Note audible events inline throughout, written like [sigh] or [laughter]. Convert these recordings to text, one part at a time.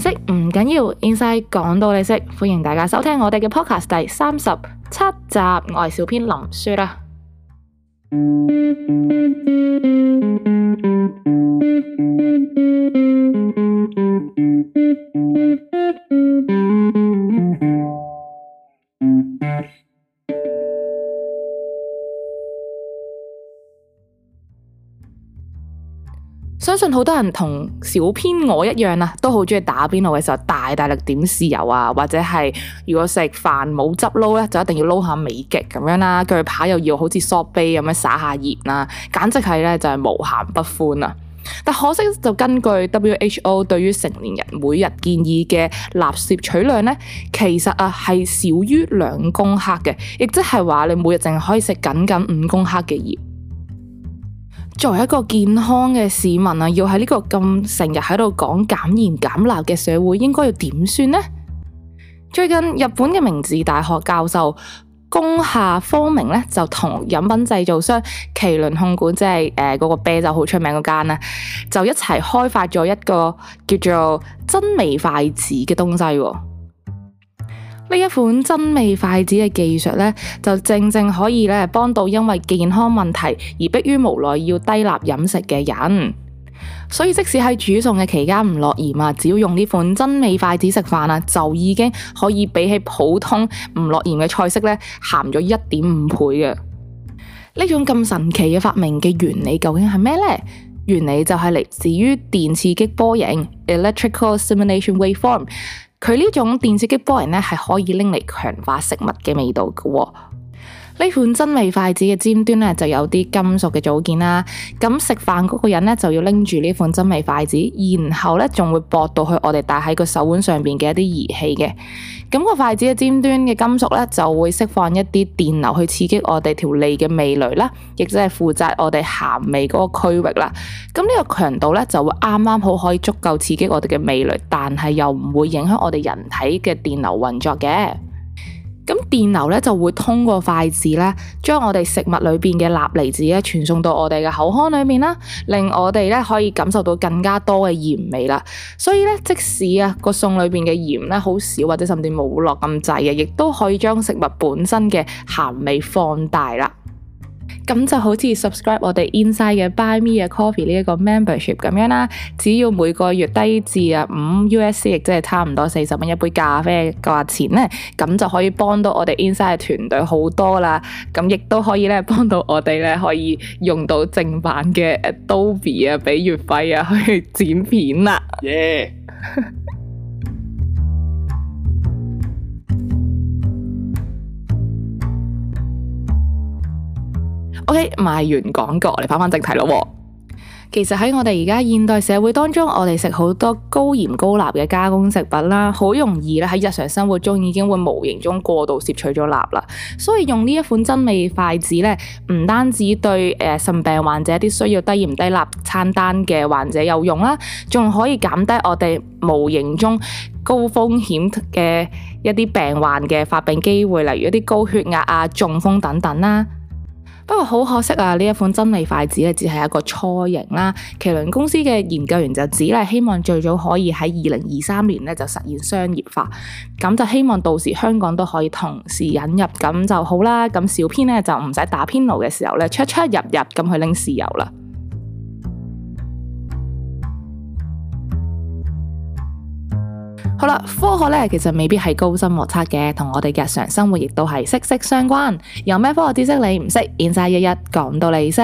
認識唔緊要緊，現在講到你識，歡迎大家收聽我哋嘅 podcast 第三十七集，我係小編林雪啦。 [music] 相信好多人同小編我一樣啊，都好中意打邊爐嘅時候，大大力點豉油啊，或者係如果食飯冇汁撈咧，就一定要撈下美極咁樣啦，啊，鋸扒又要好似 Salt Bae 咁樣灑下鹽啦，啊，簡直係咧就係、是、無鹹不歡啊！但可惜就根據 WHO 對於成年人每日建議嘅鈉攝取量咧，其實啊係少於兩公克嘅，亦即係話你每日淨係可以食僅僅五公克嘅鹽。作為一個健康嘅市民啊，要喺呢個咁成日喺度講減鹽減辣嘅社會，應該要點算呢？最近日本嘅明治大學教授宮下芳明咧，就同飲品製造商麒麟控股，即係誒嗰個啤酒好出名嗰間咧，就一齊開發咗一個叫做真味筷子嘅東西喎。呢一款真味筷子嘅技術咧，就正正可以咧幫到因為健康問題而迫於無奈要低鈉飲食嘅人。所以即使喺煮餸嘅期間唔落鹽啊，只要用呢款真味筷子食飯啊，就已經可以比起普通唔落鹽嘅菜式咧，鹹咗一點五倍嘅。呢種咁神奇嘅發明嘅原理究竟係咩呢？原理就係嚟自於電刺激波形 （electrical stimulation waveform）。佢呢種電刺激波形咧，係可以拎嚟強化食物嘅味道嘅喎，哦。呢款真味筷子嘅尖端咧就有啲金屬嘅組件啦，咁食飯嗰個人咧就要拎住呢款真味筷子，然後咧仲會駁到去我哋戴喺個手腕上邊嘅一啲儀器嘅，咁個筷子嘅尖端嘅金屬咧就會釋放一啲電流去刺激我哋條脷嘅味蕾啦，亦即係負責我哋鹹味嗰個區域啦。咁呢個強度咧就會啱啱好可以足夠刺激我哋嘅味蕾，但係又唔會影響我哋人體嘅電流運作嘅。咁電流咧就會通過筷子咧，將我哋食物裏面嘅鈉離子咧傳送到我哋嘅口腔裏面，啦，令我哋咧可以感受到更加多嘅鹽味啦。所以咧，即使啊個餸裏面嘅鹽咧好少或者甚至冇落咁滯嘅，亦都可以將食物本身嘅鹹味放大啦。咁就好似 subscribe 我哋 Inside 嘅 Buy Me 嘅 Coffee 呢一個 Membership 咁樣啦，只要每個月低至啊五 USC，亦即係差唔多四十蚊一杯咖啡嘅價錢咧，咁就可以幫到我哋 Inside 嘅團隊好多啦，咁亦都可以咧幫到我哋咧可以用到正版嘅 Adobe 啊，俾月費啊去剪片啦。Yeah. O.K.，賣完廣告，嚟翻返正題咯。其實喺我哋而家現代社會當中，我哋食好多高鹽高鈉嘅加工食品啦，好容易咧喺日常生活中已經會無形中過度攝取咗鈉啦。所以用呢一款真味筷子咧，唔單止對誒呃、腎病患者啲需要低鹽低鈉餐單嘅患者有用啦，仲可以減低我哋無形中高風險嘅一啲病患嘅發病機會，例如一啲高血壓啊、中風等等啦。不過好可惜啊！呢一款真理筷子只係一個雛形啦。麒麟公司嘅研究員就指，係希望最早可以喺二零二三年呢就實現商業化。咁就希望到時香港都可以同時引入，咁就好啦。咁小編呢，就唔使打邊爐嘅時候呢，出出入入咁去拎豉油啦。好啦，科學咧其實未必係高深莫測嘅，同我哋嘅日常生活亦都係息息相關。有咩科學知識你唔識，Inside 一一講到你識。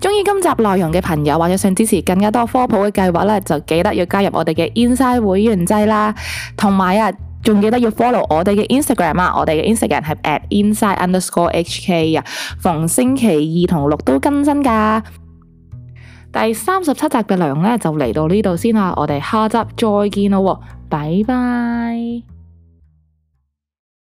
中意今集內容嘅朋友，或者想支持更加多科普嘅計劃咧，就記得要加入我哋嘅 Inside 會員制啦。同埋啊，仲記得要 follow 我哋嘅 Instagram 啊，我哋嘅 Instagram 係 at Inside_HK 啊，ins k, 逢星期二同六都更新噶。第三十七集嘅糧呢，就嚟到呢度先啦。我哋下集再見囉，拜拜。